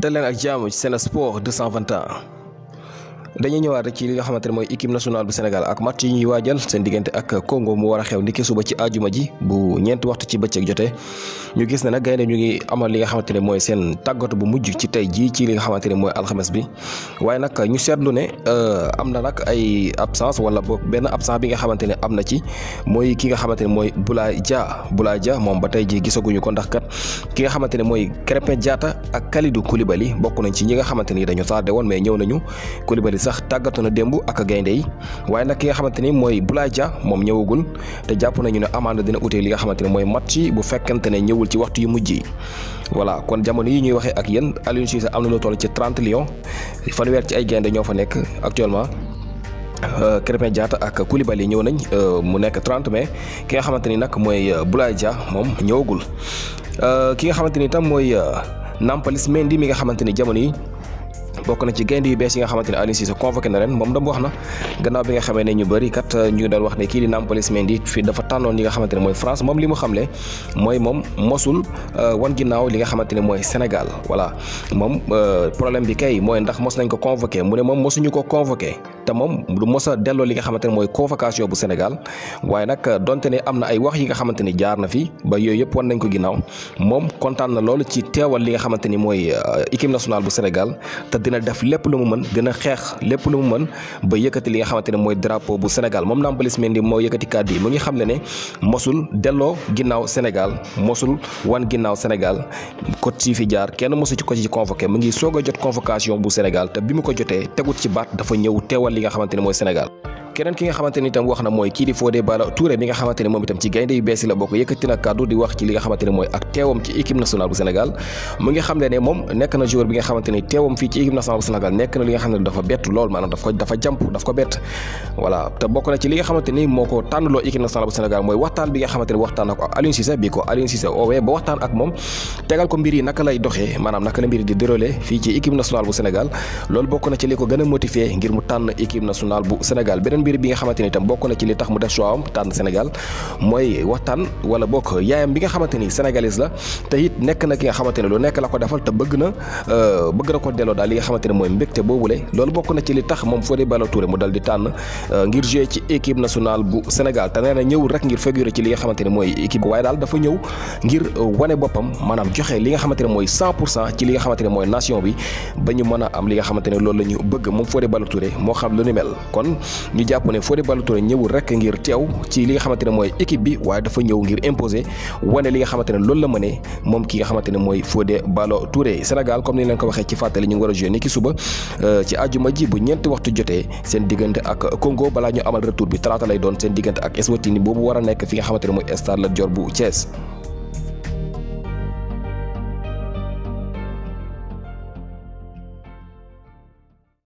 dalena leen c'est jaamu sport de Sport ans. dañuy ñëwaat ci li nga xamante ne mooy équipe nationale bu Sénégal ak match yi ñuy waajal seen diggante ak Congo mu war a xew niki suba ci ajuma ji bu ñeenti waxtu ci bëccëg jotee ñu gis ne nag gaynde ñu ngi amal li nga xamante ne mooy seen tàggatu bu mujj ci tey jii ci li nga xamante ne mooy alxames bi waaye nag ñu seetlu ne euh, am na nag ay absence wala boog benn absence bi nga xamante ne am na ci mooy ki nga xamante ne mooy bulaa jaa bulaa Dia moom ba tey jii gisaguñu ko ndax ki nga xamante ne mooy Krépin Diatta ak Kalidou Koulibaly bokk nañ ci ñi nga xamante ni dañu tardé woon mais ñëw nañu sax tàggatu na démb ak gaynde yi waaye nag ki nga xamante ni mooy Boulaye Dia moom ñëwagul te jàpp nañu ne amande dina utee li nga xamante ni mooy match yi bu fekkente ne ñëwul ci waxtu yu mujj yi voilà kon jamono yi ñuy waxee ak yéen Aliou Cissé am na lu toll ci 30 lions fanweer ci ay gaynde ñoo fa nekk actuellement euh, Krépin Diatta ak Koulibaly ñëw nañ euh, mu nekk 30 mai ki nga xamante ni nag mooy euh, Boulaye Dia moom ñëwagul ki nga xamante ni tam mooy Nampalys Mendy mi nga xamante ni jamono yi bokk na ci gaynde yu bes yi nga xamanteni Aliou Cissé convoqué na len mom dama wax na gannaaw bi nga xamee ñu bari kat euh, ñu dal wax ne ki di Nampalys di fi dafa tanon yi nga xamanteni moy France mom limu xamlé moy mom mosul wan ginnaw li nga xamanteni moy euh, Sénégal voilà mom euh, problème bi kay moy ndax mos nañ ko convoqué mune mom mosu ñu ko convoqué ta mom lu mosa delo li nga xamanteni moy convocation bu Sénégal waye nak donte ne amna ay wax yi nga xamanteni jaar na fi ba yoy yep wan nañ ko ginnaw mom contane na lool ci téwal li nga xamanteni ni équipe nationale bu Sénégal ta dina def lépp lu mu mën gën a xeex lépp lu mu mën ba yëkkati li nga xamante ne mooy drapeau bu Sénégal moom Nampalys Mendy moo yëkkati kàddu yi mu ngi xam ne ne mosul delloo ginnaaw Sénégal mosul wan ginnaaw Sénégal ko ci fi jaar kenn mosu ci ko ci convoqué mu ngi soog jot convocation bu Sénégal te bi mu ko jotee tegut ci baat dafa ñëw teewal li nga xamante ne mooy Sénégal keneen ki nga xamante itam wax na mooy kii di Fodé Balla Touré bi nga xamante ni moom itam ci gaynde yu bees yi la bokk yëkkati na kàddu di wax ci li nga xamante mooy ak teewam ci équipe nationale bu Sénégal ne moom nekk na joueur bi nga na li nga xam ne dafa bett lool maanaam daf na ci li nga xamante ni moo ko tànnloo équipe nationale bu mooy na ko Aliou Cissé bi ko Aliou ba waxtaan ak moom tegal ko mbir naka lay doxee maanaam naka la mbir di déroulé fii ci équipe nationale bu Sénégal loolu bokk na ci li ko gën a ngir mu tànn équipe nationale bu Sénégal mbir bi nga xamante ni itam bokk na ci li tax mu def choix am tànn Sénégal mooy waxtaan wala bokk yaayam bi nga xamante ni la te it nekk na ki nga xamante ne lu nekk la ko defal te bëgg na euh, bëgg na ko delloo daal li nga xamante ne mooy mbégte boobule loolu bokk na ci li tax moom Fodé Ballo-Touré mu dal di tànn euh, ngir jouer ci équipe nationale bu Sénégal te nee ñëw rek ngir figurer ci li nga xamante ne mooy équipe waaye daal dafa ñëw ngir euh, wane boppam maanaam li nga xamante ne mooy 100 pour cent ci li nga xamante ne mooy nation bi ba a am li loolu la ñu bëgg moom Fodé Ballo-Touré moo xam lu ni mel kon jàpp ne Fodé Ballo Touré ñëwul rek ngir teew ci li nga xamante ne mooy équipe bi waaye dafa ñëw ngir imposer wane li nga xamante ne loolu la mënee moom ki nga xamante ne mooy Fodé Ballo Touré Sénégal comme ni leen ko waxee ci fàttali ñu ngi war a joué ni ki suba euh, ci àjjuma ji bu ñeenti waxtu jotee seen diggante ak Congo balaa ñu amal retour bi talaata lay doon seen diggante ak Eswatini boobu war nekk fi nga xamante ne mooy stade Lat Dior bu Thiès